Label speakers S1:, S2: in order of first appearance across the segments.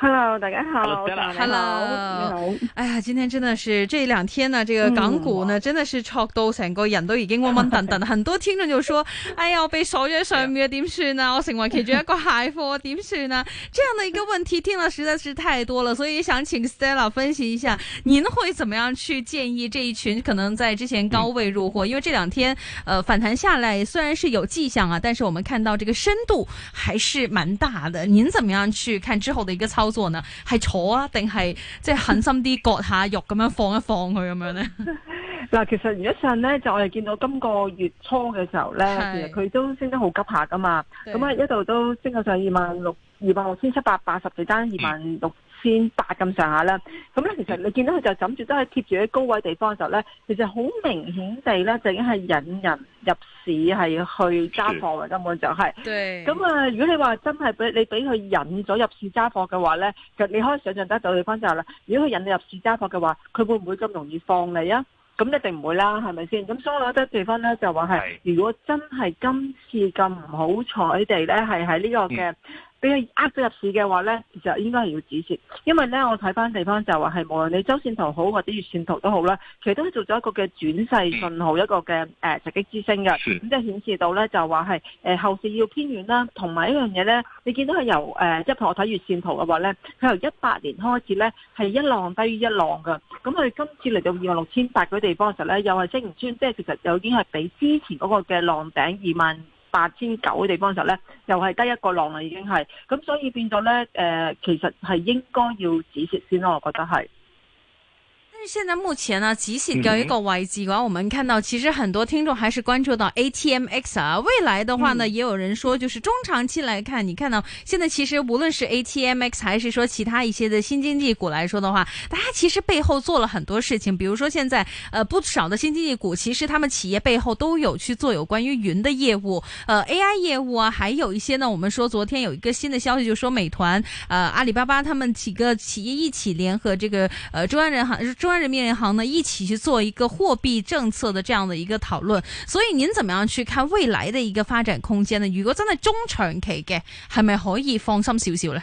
S1: hello，大家好，hello，你好，哎呀，今天真的是這兩天呢，這個港股呢，嗯、真的是灼到成個人都已經懵懵噔噔， 很多聽眾就說，哎呀，我被鎖喺上面點算呢？我成為其中一個蟹貨點算呢？這樣的一個問題聽了實在是太多了，所以想請 Stella 分析一下，您會怎麼樣去建議這一群可能在之前高位入貨、嗯，因為這兩天，呃，反彈下來雖然是有跡象啊，但是我們看到這個深度還是蠻大的。您怎麼樣去看之後的一個操作？所啊，係坐啊，定係即係狠心啲割一下肉咁樣放一放佢咁樣咧？
S2: 嗱， 其實如果上咧，就我哋見到今個月初嘅時候咧，其實佢都升得好急下噶嘛，咁啊一度都升到上二萬六、二萬六千七百八十幾單，二萬六。先八咁上下啦，咁咧，其實你見到佢就枕住都係貼住喺高位地方嘅時候咧，其實好明顯地咧，就已經係引人入市係去揸貨嘅根本就係、是。對。咁啊，如果你話真係俾你俾佢引咗入市揸貨嘅話咧，就你可以想象得到地方就係、是、啦。如果佢引你入市揸貨嘅話，佢會唔會咁容易放你啊？咁一定唔會啦，係咪先？咁所以我覺得地方咧，就話係，如果真係今次咁唔好彩地咧，係喺呢個嘅。嗯俾佢呃咗入市嘅話咧，其實應該係要止蝕，因為咧我睇翻地方就話係無論你周線圖好或者月線圖都好啦，其實都做咗一個嘅轉勢信號，一個嘅誒、呃、直擊之星嘅，咁即係顯示到咧就話係誒後市要偏軟啦，同埋一樣嘢咧，你見到佢由誒、呃、即係我睇月線圖嘅話咧，佢由一八年開始咧係一浪低於一浪嘅，咁佢今次嚟到二萬六千八嗰地方嘅時候咧，又係升唔穿，即、就、係、是、其實有啲係比之前嗰個嘅浪頂二萬八千九嘅地方時候咧，又係得一個浪啦，已經係咁，所以變咗咧，誒、呃，其實係應該要止蝕先咯，我覺得係。
S1: 但是現在目前呢、啊，即星掉一個 YG，然後我們看到，其實很多聽眾還是關注到 ATMX 啊。未來的話呢，嗯、也有人說，就是中長期來看，你看到現在其實無論是 ATMX 還是說其他一些的新經濟股來說的話，大家其實背後做了很多事情。比如說現在呃，不少的新經濟股，其實他們企業背後都有去做有關於雲的業務，呃 AI 業務啊，還有一些呢，我們說昨天有一個新的消息，就是、說美團、呃阿里巴巴他們幾個企業一起聯合這個呃中央銀行中。中央人民銀行呢一起去做一個貨幣政策的這樣的一個討論，所以您怎麼樣去看未來的一個發展空間呢？如果真係中長期嘅，係咪可以放心少少呢？誒、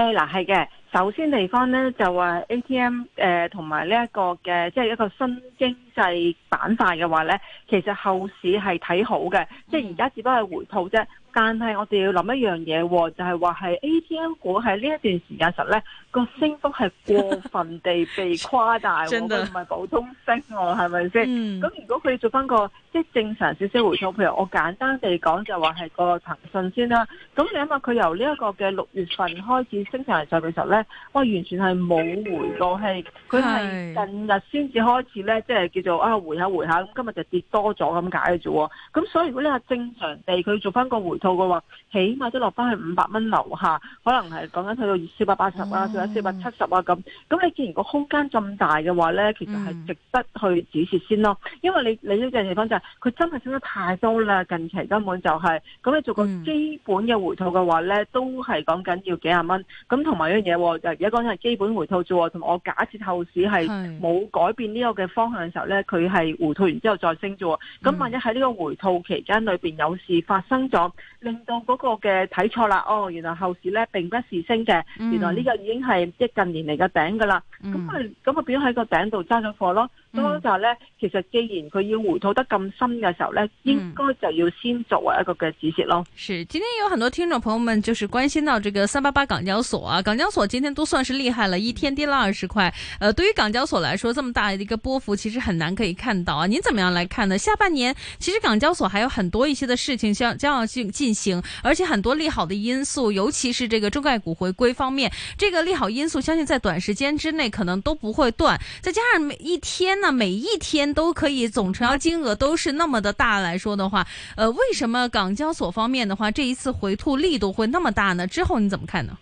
S2: 呃，嗱，係嘅。首先地方咧就話 ATM 誒同埋呢一個嘅即係一個新經濟板塊嘅話咧，其實後市係睇好嘅，即係而家只不過係回吐啫。但係我哋要諗一樣嘢喎、哦，就係話係 ATM 股喺呢一段時間實咧個升幅係過分地被誇大，佢唔係普通升喎、啊，係咪先？咁、嗯、如果佢做翻個即係正常少少回吐，譬如我簡單地講就話係個騰訊先啦。咁你諗下佢由呢一個嘅六月份開始升上嚟上嘅時候呢。咧？哇！完全係冇回過氣，佢係近日先至開始咧，即係叫做啊回下回下，咁今日就跌多咗咁解嘅啫。咁所以如果你係正常地，佢做翻個回吐嘅話，起碼都落翻去五百蚊樓下，可能係講緊去到四百八十啊，仲有四百七十啊咁。咁你既然個空間咁大嘅話咧，其實係值得去止蝕先咯。因為你你呢隻地方就係、是、佢真係升得太多啦，近期根本就係、是、咁。你做個基本嘅回吐嘅話咧，都係講緊要幾十蚊。咁同埋一樣嘢喎。而家講緊係基本回套啫，同我假設後市係冇改變呢個嘅方向嘅時候咧，佢係回吐完之後再升啫。咁萬一喺呢個回吐期間裏面有事發生咗，令到嗰個嘅睇錯啦。哦，原來後市咧並不是升嘅，原來呢個已經係即近年嚟嘅頂㗎啦。咁佢咁佢變咗喺個頂度揸咗貨咯，咁就咧其實既然佢要回吐得咁深嘅時候咧，應該就要先作為一個嘅止蝕咯。
S1: 是，今天有很多聽眾朋友們就是關心到這個三八八港交所啊，港交所今天都算是厲害了一天跌了二十塊。呃，對於港交所來說，這麼大一個波幅，其實很難可以看到啊。您怎麼樣來看呢？下半年其實港交所還有很多一些的事情將將要進進行，而且很多利好的因素，尤其是這個中概股回歸方面，這個利好因素相信在短時間之內。可能都不會斷，再加上每一天呢，每一天都可以總成交金額都是那麼的大來說的話，呃，為什麼港交所方面的話，這一次回吐力度會那麼大呢？之後你怎麼看呢？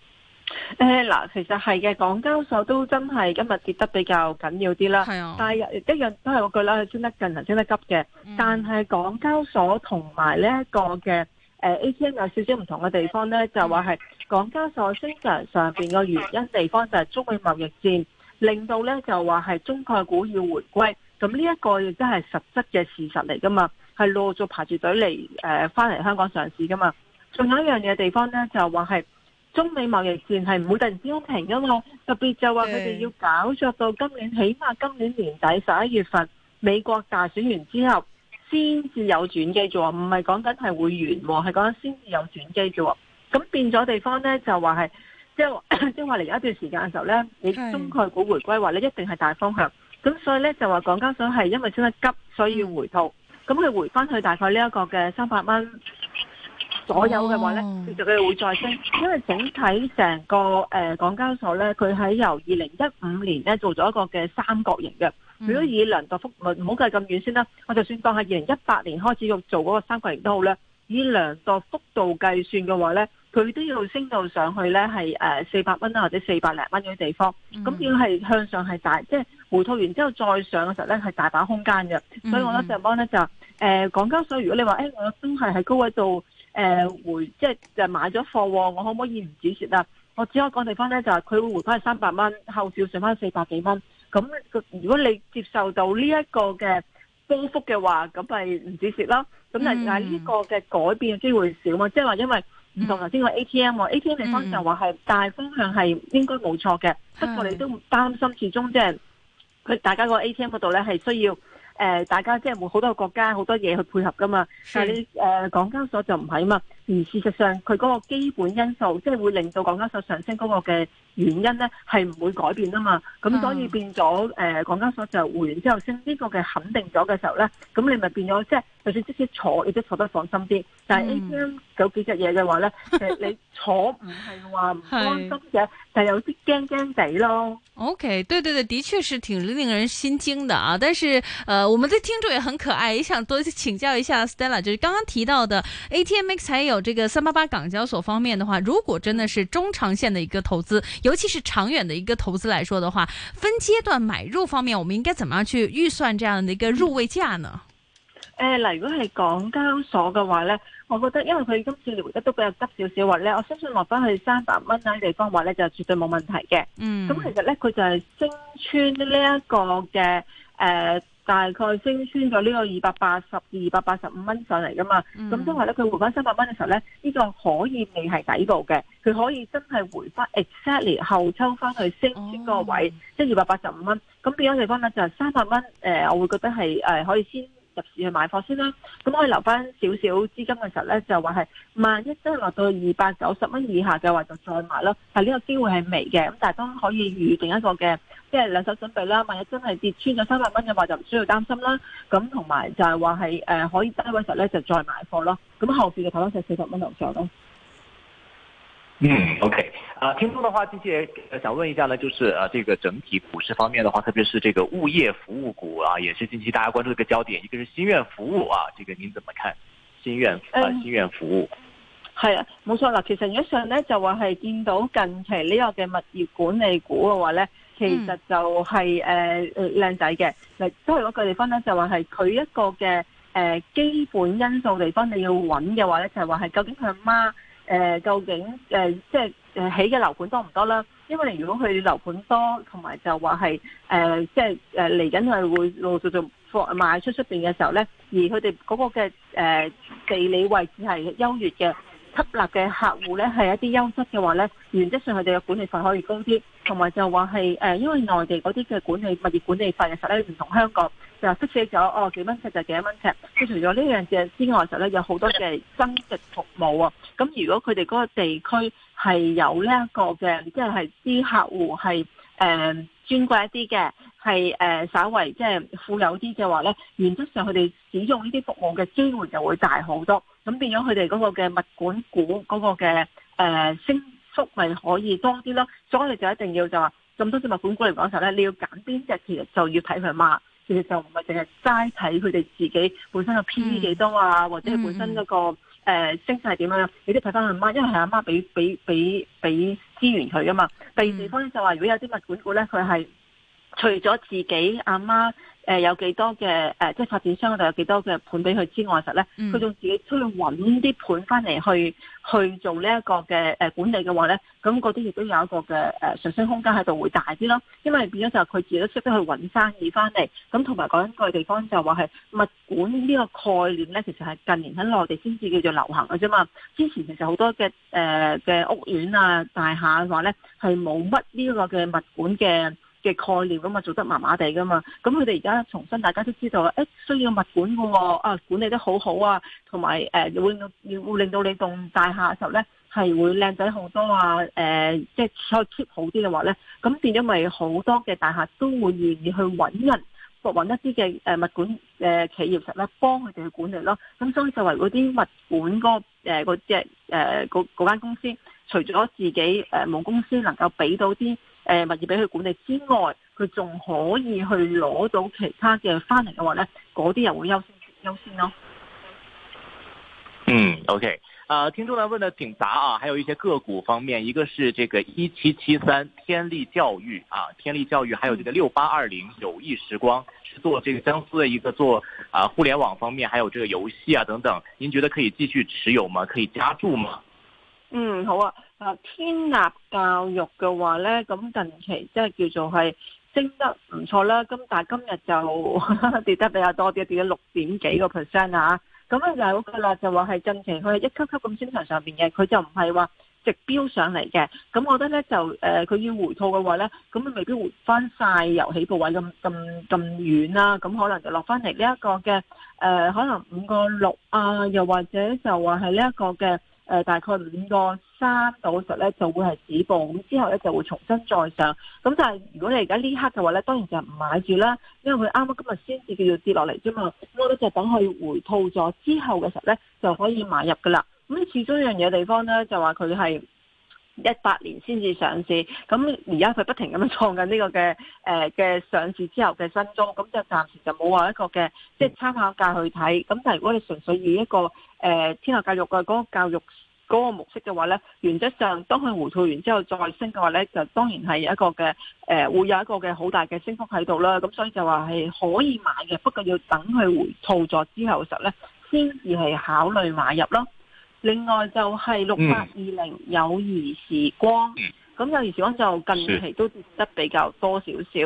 S2: 誒、呃、嗱，其實係嘅，港交所都真係今日跌得比較緊要啲啦，係啊、哦，但係一樣都係嗰句啦，升得近啊，升得急嘅、嗯，但係港交所同埋呢一個嘅誒 A T M 有少少唔同嘅地方咧，就話係港交所升上上邊個原因地方就係中美貿易戰。令到咧就話係中概股要回歸，咁呢、呃、一個亦都係實質嘅事實嚟噶嘛，係陸續排住隊嚟誒翻嚟香港上市噶嘛。仲有一樣嘢地方咧就話係中美貿易戰係唔會突然之間停噶嘛，特別就話佢哋要搞作到今年起碼今年年底十一月份美國大選完之後先至有轉機，咋喎，唔係講緊係會完，係講緊先至有轉機啫。咁變咗地方咧就話係。即係即係話嚟，有一段時間嘅時候咧，你中概股回歸話咧，一定係大方向。咁所以咧，就話港交所係因為升得急，所以要回吐。咁、嗯、佢回翻去大概呢一個嘅三百蚊左右嘅話咧，其實佢會再升，因為整體成個誒、呃、港交所咧，佢係由二零一五年咧做咗一個嘅三角形嘅、嗯。如果以量度幅度，唔好計咁遠先啦。我就算當係二零一八年開始用做嗰個三角形都好咧，以量度幅度計算嘅話咧。佢都要升到上去咧，係誒四百蚊啊，或者四百零蚊嘅地方。咁、mm -hmm. 要係向上係大，即、就、係、是、回吐完之後再上嘅時候咧，係大把空間嘅。Mm -hmm. 所以我覺得上方咧就誒、是呃，港交所如果你話誒、哎，我真係喺高位度誒、呃、回，即係就是、買咗貨，我可唔可以唔止蝕啊？我只可講地方咧就係，佢會回翻去三百蚊，後市要上翻四百幾蚊。咁如果你接受到呢一個嘅波幅嘅話，咁係唔止蝕啦。咁但係呢個嘅改變嘅機會少嘛，mm -hmm. 即係話因為。唔同啊！頭先個 A T M 喎，A T M 嚟方就話係大方向係應該冇錯嘅，不過你都唔擔心，始終即係佢大家個 A T M 嗰度咧係需要誒，大家即係冇好多國家好多嘢去配合噶嘛，但係你誒、呃、港交所就唔係啊嘛。而事實上，佢嗰個基本因素，即係會令到港交所上升嗰個嘅原因咧，係唔會改變啊嘛。咁所以變咗，誒、嗯呃、港交所就回完之後升，呢、這個嘅肯定咗嘅時候咧，咁你咪變咗，即係就算即使坐，亦都坐得放心啲。但係 ATM 有幾隻嘢嘅話咧，其、嗯呃、你坐唔係話唔安心嘅，
S1: 心 但係有啲驚驚地咯。OK，對對對，的確是挺令人心驚的啊！但是，呃，我們的聽眾也很可愛，也想多請教一下 Stella，就是剛剛提到的 ATMX 還有。這個三八八港交所方面的話，如果真的是中長線的一個投資，尤其是長遠的一個投資來說的話，分階段買入方面，我們應該怎麼樣去預算這樣的一個入位價呢？誒
S2: 嗱，如果係港交所嘅話咧，我覺得因為佢今次回得都比較急少少，話咧我相信落翻去三百蚊嗰啲地方話咧就絕對冇問題嘅。嗯，咁其實咧佢就係升穿呢一個嘅誒。大概升穿咗呢個二百八十二百八十五蚊上嚟㗎嘛，咁因為咧佢回翻三百蚊嘅時候咧，呢、這個可以未係底部嘅，佢可以真係回翻 exactly 後抽翻去升穿個位，哦、即係二百八十五蚊。咁變咗地方咧就係三百蚊，誒、呃、我會覺得係誒、呃、可以先入市去買貨先啦，咁可以留翻少少資金嘅時候咧，就話係萬一真係落到二百九十蚊以下嘅話，就再買咯。但係呢個機會係微嘅，咁但係可以預定一個嘅，即係兩手準備啦。萬一真係跌穿咗三百蚊嘅話，就唔需要擔心啦。咁同埋就係話係誒可以低位時候咧就再買貨咯。咁後邊就睇多就四十蚊樓上咯。嗯
S3: ，OK。啊，聽眾的話，近期、呃、想問一下呢，就是，呃、啊，這個整體股市方面的話，特別是這個物業服務股啊，也是近期大家關注的一個焦點，一個是心願服務啊，這個您怎麼看？心願呃心願服務，
S2: 係啊，冇錯啦，其實一上呢就話係見到近期呢個嘅物業管理股嘅話呢其實就係誒靚仔嘅，嗱，都係嗰個地方呢就話係佢一個嘅誒、呃、基本因素地方，你要揾嘅話呢就係話係究竟佢阿媽。誒、呃、究竟誒、呃、即係、呃、起嘅樓盤多唔多啦？因為你如果佢樓盤多，同埋就話係誒即係誒嚟緊佢會陸續做放賣出出面嘅時候咧，而佢哋嗰個嘅誒、呃、地理位置係優越嘅，吸納嘅客戶咧係一啲優質嘅話咧，原則上佢哋嘅管理費可以高啲，同埋就話係誒因為內地嗰啲嘅管理物業管理費其實呢，咧唔同香港。就識寫咗哦，幾蚊尺就幾蚊尺。即除咗呢兩隻之外，就咧有好多嘅增值服務。咁如果佢哋嗰個地區係有呢、就是呃、一個嘅，即係啲客戶係誒尊貴一啲嘅，係、呃、誒稍為即係富有啲嘅話咧，原則上佢哋使用呢啲服務嘅機會就會大好多。咁變咗佢哋嗰個嘅物管股嗰、那個嘅誒、呃、升幅咪可以多啲咯。所以就一定要就話咁多隻物管股嚟講，實咧你要揀邊隻，其實就要睇佢嘛。其實就唔係淨係齋睇佢哋自己本身嘅 P/E 幾多啊、嗯，或者本身嗰、嗰個誒升勢係點樣？你都睇翻阿媽，因為係阿媽俾俾俾俾資源佢噶嘛。第二地方咧就話，如果有啲物管股咧，佢係。除咗自己阿媽誒有幾多嘅誒，即係發展商嗰度有幾多嘅盤俾佢之外，實、嗯、咧，佢仲自己出去揾啲盤翻嚟去去做呢、這、一個嘅、呃、管理嘅話咧，咁嗰啲亦都有一個嘅誒上升空間喺度會大啲咯。因為變咗就係佢自己都識得去揾生意翻嚟，咁同埋講一個地方就話係物管呢個概念咧，其實係近年喺內地先至叫做流行嘅啫嘛。之前其實好多嘅誒嘅屋苑啊、大廈嘅話咧，係冇乜呢個嘅物管嘅。嘅概念咁啊，做得麻麻地㗎嘛，咁佢哋而家重新大家都知道，誒、欸、需要物管嘅喎，啊管理得好好啊，同埋誒會令到會令到你棟大廈實咧係會靚仔好多啊，誒、呃、即係再 keep 好啲嘅話咧，咁變咗咪好多嘅大廈都會願意去搵人，或揾一啲嘅物管企業實咧幫佢哋去管理咯。咁所以作為嗰啲物管嗰隻間公司，除咗自己冇、呃、公司能夠俾到啲。誒，物業俾佢管理之外，佢仲可以去攞到其他嘅翻嚟嘅話呢，嗰啲又會優先優先咯。
S3: 嗯，OK，啊，聽眾問得挺雜啊，還有一些個股方面，一個是這個一七七三天立教育啊，天立教育，還有這個六八二零友誼時光，是做這個江蘇嘅一個做啊互聯網方面，還有這個遊戲啊等等，您覺得可以繼續持有嗎？可以加注嗎？嗯，
S2: 好啊。啊！天立教育嘅話咧，咁近期即係叫做係升得唔錯啦，咁但係今日就跌得比較多，跌咗六點幾個 percent 啊。咁啊又係嗰句啦，就話係近期佢係一級級咁升騰上邊嘅，佢就唔係話直飆上嚟嘅。咁我覺得咧就誒，佢、呃、要回吐嘅話咧，咁啊未必回翻晒由起步位咁咁咁遠啦。咁、啊、可能就落翻嚟呢一個嘅誒、呃，可能五個六啊，又或者就話係呢一個嘅。誒、呃、大概五個三到時咧就會係止步，咁之後咧就會重新再上。咁但係如果你而家呢刻嘅話咧，當然就唔買住啦，因為佢啱啱今日先至叫做跌落嚟啫嘛。咁我都就等佢回吐咗之後嘅時候咧，就可以買入㗎啦。咁始終一樣嘢地方咧，就話佢係一八年先至上市，咁而家佢不停咁樣創緊呢個嘅誒嘅上市之後嘅新高。咁就暫時就冇話一個嘅即係參考價去睇。咁但係如果你純粹以一個誒、呃、天立教育嘅嗰、那個教育，嗰、那個模式嘅話呢，原則上當佢回吐完之後再升嘅話呢，就當然係一個嘅誒、呃、會有一個嘅好大嘅升幅喺度啦。咁所以就話係可以買嘅，不過要等佢回吐咗之後嘅時候呢，先至係考慮買入咯。另外就係六八二零友誼時光，咁友誼時光就近期都跌得比較多少少。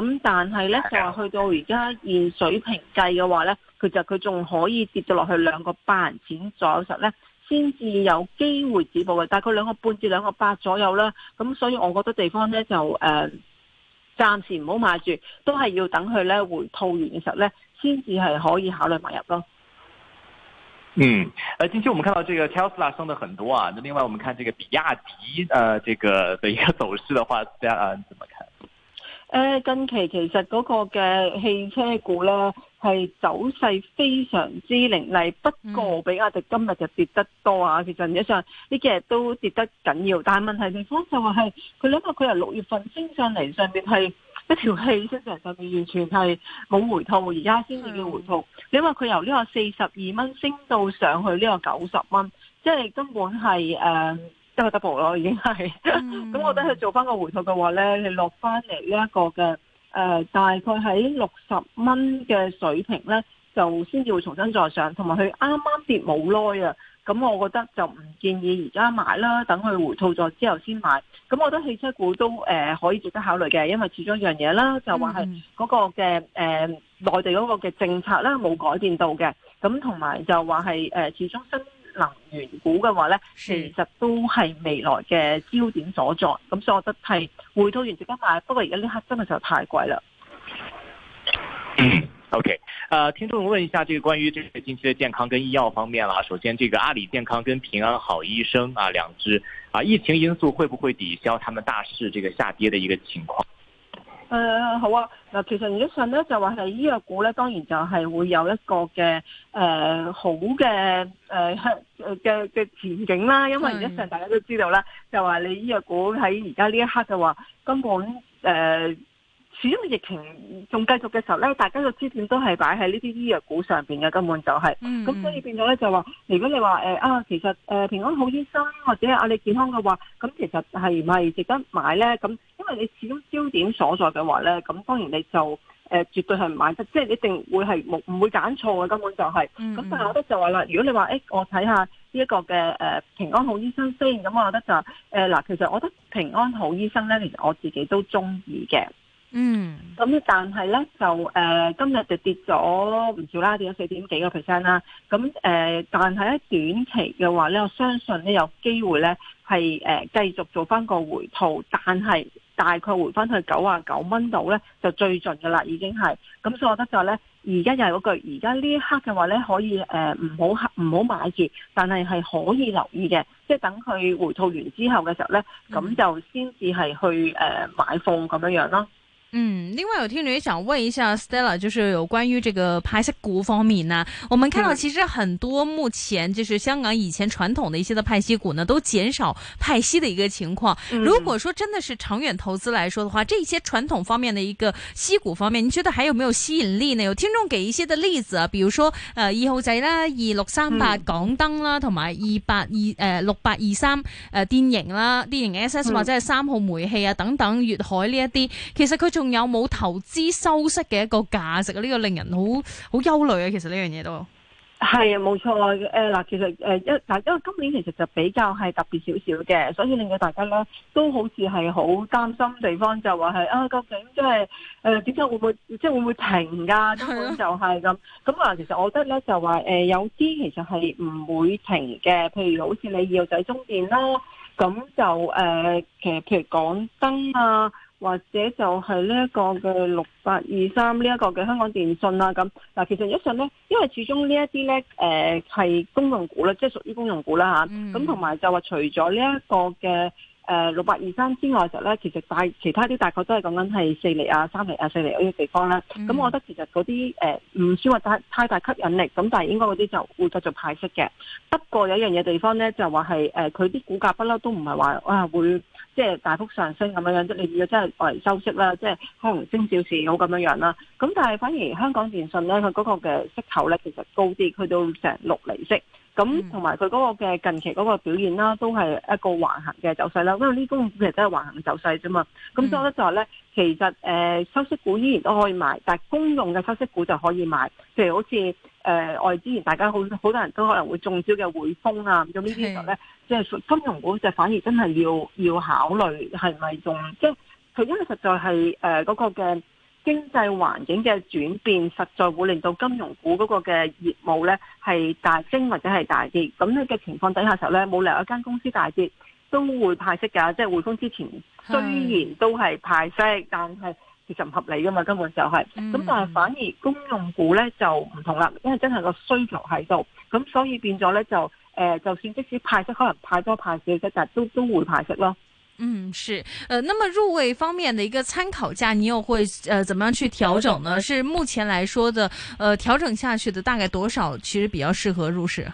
S2: 咁但係呢，就話去到而家現水平計嘅話呢，佢就佢仲可以跌到落去兩個八零錢左右實呢。先至有機會止步嘅，大概兩個半至兩個八左右啦。咁所以，我覺得地方咧就誒暫時唔好買住，都係要等佢咧回吐完嘅時候咧，先至係可以考慮買入咯。嗯，
S3: 誒、呃，近期我們看到這個 Tesla 升得很多啊。另外，我們看這個比亞迪，誒、呃，這個嘅一個走勢的話，大家誒怎麼看？
S2: 誒、呃，近期其實嗰個嘅汽車股咧。係走勢非常之凌厲，不過比亞迪今日就跌得多啊、嗯！其實上呢幾日都跌得緊要，但係問題地方就話係佢，諗下佢由六月份升上嚟上邊，係一條氣升上上邊，完全係冇回吐，而家先至叫回吐。你因為佢由呢個四十二蚊升到上去呢個九十蚊，即係根本係誒一個 double 咯，已經係。咁、嗯嗯、我覺得佢做翻個回吐嘅話咧，你落翻嚟呢一個嘅。誒、呃，大概喺六十蚊嘅水平呢，就先至會重新再上，同埋佢啱啱跌冇耐啊，咁我覺得就唔建議而家買啦，等佢回吐咗之後先買。咁我覺得汽車股都誒、呃、可以值得考慮嘅，因為始終一樣嘢啦，就話係嗰個嘅誒、呃、內地嗰個嘅政策啦，冇改變到嘅，咁同埋就話係誒始終新。能源股嘅話呢，其實都係未來嘅焦點所在，咁所以我覺得係回到原處加買，不過而家呢刻真係就太貴啦。嗯
S3: ，OK，啊、uh，聽眾問一下，這個關於這個近期嘅健康跟醫藥方面啦、啊，首先，這個阿里健康跟平安好醫生啊，兩隻啊，疫情因素會不會抵消他們大市這個下跌嘅一個情況？
S2: 誒、呃，好啊！嗱、呃，其實而家上咧就話係醫藥股咧，當然就係會有一個嘅誒、呃、好嘅誒向誒嘅嘅前景啦。因為而家上大家都知道啦，就話你醫藥股喺而家呢一刻就話，根本。誒、呃。始終疫情仲繼續嘅時候咧，大家個焦點都係擺喺呢啲醫藥股上邊嘅，根本就係、是。咁、mm -hmm. 所以變咗咧就話，如果你話啊，其實平安好醫生或者係阿里健康嘅話，咁其實係唔係值得買咧？咁因為你始終焦點所在嘅話咧，咁當然你就、啊、絕對係唔買得，即、就、係、是、一定會係冇唔會揀錯嘅，根本就係、是。咁、mm -hmm. 但係我覺得就話啦，如果你話誒、欸、我睇下呢一個嘅平安好醫生先，咁我覺得就誒嗱、啊，其實我覺得平安好醫生咧，其實我自己都中意嘅。嗯，咁但係咧就誒、呃、今日就跌咗唔少啦，跌咗四點幾個 percent 啦。咁誒、啊呃，但係呢，短期嘅話咧，我相信咧有機會咧係誒繼續做翻個回吐，但係大概回翻去九啊九蚊度咧就最盡噶啦，已經係。咁、嗯、所以我覺得咧，而家又係嗰句，而家呢一刻嘅話咧可以誒唔好唔好買住，但係係可以留意嘅，即、就、係、是、等佢回吐完之後嘅時候咧，咁就先至係去誒、呃、買貨咁樣樣咯。
S1: 嗯，另外有聽眾也想問一下 Stella，就是有關於這個派息股方面呢、啊，我們看到其實很多目前就是香港以前傳統的一些的派息股呢，都減少派息的一個情況。嗯、如果說真的是長遠投資來說的話，這些傳統方面的一個息股方面，你覺得還有沒有吸引力呢？有聽眾給一些的例子啊，比如說呃二號仔啦、二六三八港燈啦、同埋二八二誒六八二三誒電盈啦、電盈 SS 或者係三號煤氣啊等等粵海呢一啲，其實佢仲有冇投資收息嘅一個價值呢？呢個令人好好憂慮啊！其實呢樣嘢都
S2: 係啊，冇錯誒嗱、呃，其實誒一，但、呃、因為今年其實就比較係特別少少嘅，所以令到大家咧都好似係好擔心地方，就話係啊，究竟、即係呃、點解會會即係誒點解會會即係會唔會停噶？根本就係咁咁啊！其實我覺得咧就話誒、呃、有啲其實係唔會停嘅，譬如好似你二號仔中電啦。咁就誒、呃，其實譬如港燈啊，或者就係呢一個嘅六八二三呢一個嘅香港電訊啊，咁嗱，其實一上咧，因為始終呢一啲咧誒係公用股啦，即、就、係、是、屬於公用股啦吓，咁同埋就話除咗呢一個嘅。誒六百二三之外就咧，其實大其他啲大概都係講緊係四厘啊、三厘啊、四厘嗰啲地方啦。咁、嗯、我覺得其實嗰啲誒唔算話太太大吸引力，咁但係應該嗰啲就會繼續派息嘅。不過有一樣嘢地方咧，就話係誒佢啲股價不嬲都唔係話啊會即係大幅上升咁樣樣，即係如果真係嚟收息啦，即係可能升少少咁樣樣啦。咁但係反而香港電訊咧，佢嗰個嘅息頭咧其實高啲，去到成六厘息。咁同埋佢嗰個嘅近期嗰個表現啦，都係一個橫行嘅走勢啦。因為呢啲公司其實都係橫行走勢啫嘛。咁、嗯、所以我覺得就係咧，其實誒、呃、收息股依然都可以買，但公用嘅收息股就可以買。譬如好似誒、呃、我哋之前大家好好多人都可能會中招嘅匯豐啊，咁呢啲時候咧，即係、就是、金融股就反而真係要要考慮係咪仲即係佢因為實在係誒嗰個嘅。經濟環境嘅轉變，實在會令到金融股嗰個嘅業務咧係大升或者係大跌。咁呢嘅情況底下時候咧，冇理由一間公司大跌都會派息噶。即係匯豐之前雖然都係派息，但係其實唔合理噶嘛，根本就係、是。咁、嗯、但係反而公用股咧就唔同啦，因為真係個需求喺度，咁所以變咗咧就
S1: 誒、呃，就算即使派息可能派多派少嘅，但係都都會派息咯。嗯，是，呃，那麼入位方面的一個參考價，你又會，呃，怎麼樣去調整呢？是目前來說的，呃，調整下去的大概多少，其實比較適合入市？
S2: 誒、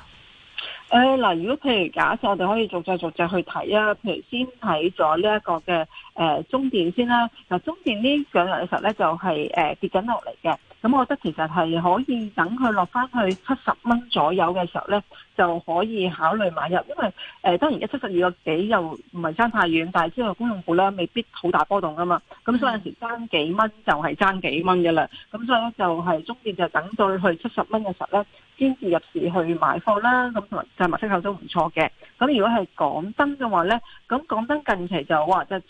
S2: 呃，嗱、呃，如果譬如假設我哋可以逐隻逐隻去睇啊，譬如先睇咗呢一個嘅，誒、呃，中電先啦，嗱，中電呢上嚟嘅時候咧就係、是，誒、呃，跌緊落嚟嘅。咁我覺得其實係可以等佢落翻去七十蚊左右嘅時候咧，就可以考慮買入，因為誒、呃、當然一七十二個幾又唔係爭太遠，但係之後公用股咧未必好大波動噶嘛，咁所以有時爭幾蚊就係爭幾蚊噶啦，咁所以咧就係中意就等到去七十蚊嘅時候咧，先至入市去買貨啦，咁同埋就物買息口都唔錯嘅。咁如果係港燈嘅話咧，咁港燈近期就話就超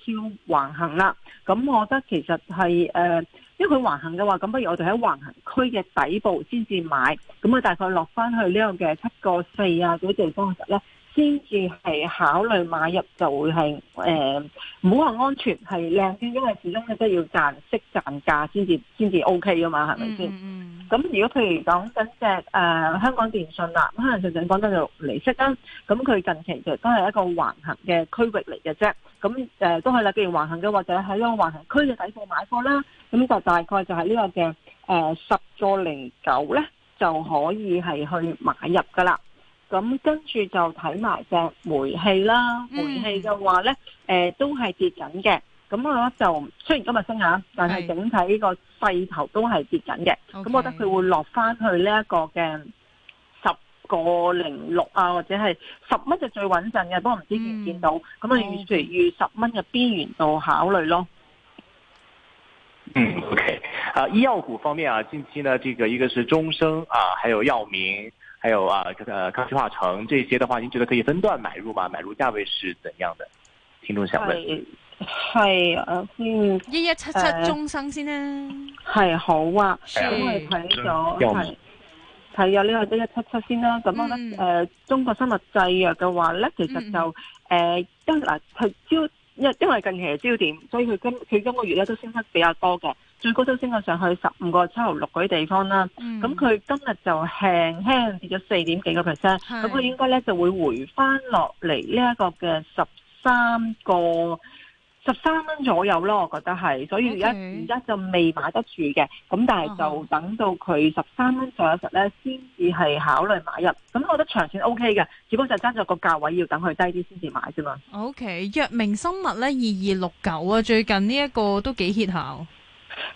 S2: 橫行啦。咁我覺得其實係誒。呃因為佢橫行嘅話，咁不如我哋喺橫行區嘅底部先至買，咁佢大概落翻去呢個嘅七個四啊嗰啲地方嘅時候咧。先至係考慮買入，就會係誒，唔好話安全係靚啲，因為始終佢都要賺息賺價先至先至 O K 噶嘛，係咪先？咁、嗯嗯、如果譬如講緊隻誒香港電訊啦，可能就陣講緊就離息啦，咁佢近期就都係一個橫行嘅區域嚟嘅啫。咁誒、呃、都係啦，既然橫行嘅話就喺呢個橫行區嘅底部買貨啦。咁就大概就係、呃、呢個嘅誒十個零九咧，就可以係去買入噶啦。咁、嗯嗯嗯、跟住就睇埋隻煤氣啦，煤氣嘅話咧，誒、呃、都係跌緊嘅。咁啊就雖然今日升下，但係整體呢個勢頭都係跌緊嘅。咁、okay, 我、嗯嗯、覺得佢會落返去呢一個嘅十個零六啊，或者係十蚊就最穩陣嘅。不過唔知見唔見到，咁啊預隨於十蚊嘅邊緣度考慮咯。嗯
S3: ，OK，啊，醫藥股方面啊，近期呢，這個一個是中生啊，還有藥明。還有啊，呃，康旭城這些的話，你覺得可以分段買入嗎？買入價位是怎樣的？聽眾想問。
S1: 係，啊嗯，一一七七中生先啦。
S2: 係，好啊。因我睇咗，係、嗯，係啊，呢個一一七七先啦。咁樣咧，誒，中國生物製藥嘅話咧，其實就誒，一嗱佢招，因、呃、因為近期係焦點，所以佢今佢今個月咧都升得比較多嘅。最高都升咗上去十五個七毫六嗰啲地方啦。咁、嗯、佢今日就輕輕跌咗四點幾個 percent，咁佢應該咧就會回翻落嚟呢一個嘅十三個十三蚊左右咯。我覺得係，所以而家而家就未買得住嘅。咁但係就等到佢十三蚊左右時咧，先至係考慮買入。咁、哦、我覺得長線 O K 嘅，只不過就爭咗個價位要等佢低啲先至買啫嘛。
S1: O K，藥明生物咧二二六九啊，2269, 最近呢一個都幾 heat 下。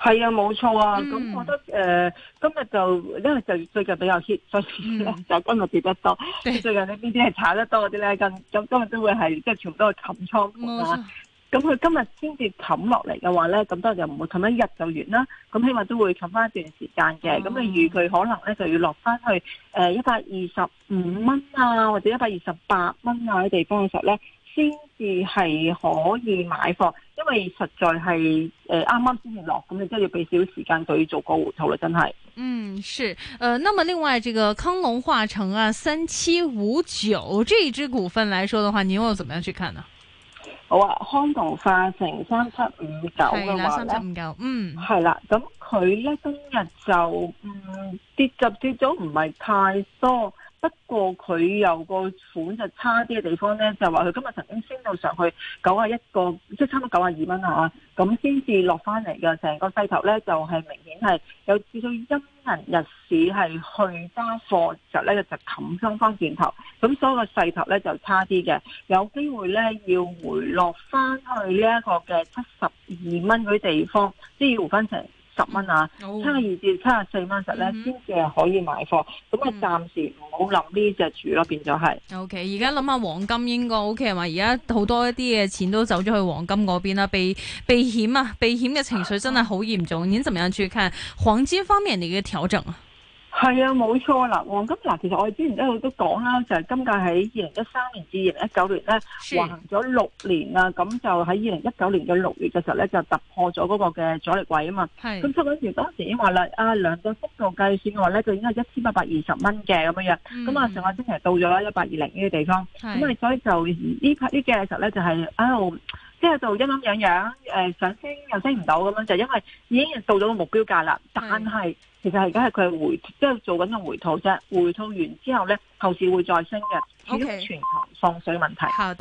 S1: 係啊，冇錯啊，咁、嗯、覺
S2: 得誒、呃，今日就因為就最近比較 hit 所以，嗯、 今就今日跌得多。最近你邊啲係炒得多啲咧，咁今日都會係即係全部都係冚倉啦，啊。咁、嗯、佢今日先至冚落嚟嘅話咧，咁當然就唔會冚一日就完啦。咁希望都會冚翻一段時間嘅。咁你預佢可能咧就要落翻去誒一百二十五蚊啊，或者一百二十八蚊啊啲地方嘅時候咧。先至係可以買貨，因為實在係誒啱啱先至落，咁你真係要俾少少時間佢做個回吐啦，真係。
S1: 嗯，是，誒、呃，那麼另外這個康龍化成啊，三七五九這支股份來說的話，你又怎麼樣去看呢？
S2: 好啊，康龍化成三七五九三七五九，嗯，係啦，咁佢咧今日就嗯跌就跌咗唔係太多。不過佢有個款就差啲嘅地方咧，就話佢今日曾經升到上去九啊一個，即係差唔多九啊二蚊啊，咁先至落翻嚟嘅。成個勢頭咧就係明顯係有至少陰人日市係去加貨就呢咧，就冚雙翻轉頭，咁所以個勢頭咧就差啲嘅，有機會咧要回落翻去呢一個嘅七十二蚊嗰啲地方，即係要回翻成。十蚊啊，七十二至七十四蚊實咧，先至係可以買貨。咁、嗯、啊，暫時唔好諗呢隻柱咯，變咗係。
S1: O K，而家諗下黃金應該 O K 係嘛？而家好多一啲嘅錢都走咗去黃金嗰邊啦，避避險啊，避險嘅情緒真係好嚴重。你點樣去看黃金方面嘅調整啊？
S2: 係啊，冇錯啦。黃金嗱，其實我哋之前咧都講啦，就係金價喺二零一三年至二零一九年咧橫行咗六年啊，咁就喺二零一九年嘅六月嘅時候咧就突破咗嗰個嘅阻力位啊嘛。係。咁所以當時當時已經話啦，量度嘅幅度計算嘅話咧，佢應該係一千八百二十蚊嘅咁嘅樣。嗯。咁啊上個星期到咗啦一八二零呢啲地方。係。咁啊所以就呢排呢幾日嘅時候咧就係喺度即係做陰陰陽陽，誒上升又升唔到咁樣，就因為已經到咗個目標價啦，但係。其實而家係佢回，即係做緊個回吐啫。回吐完之後咧，後市會再升嘅，始終全球放水問題。Okay.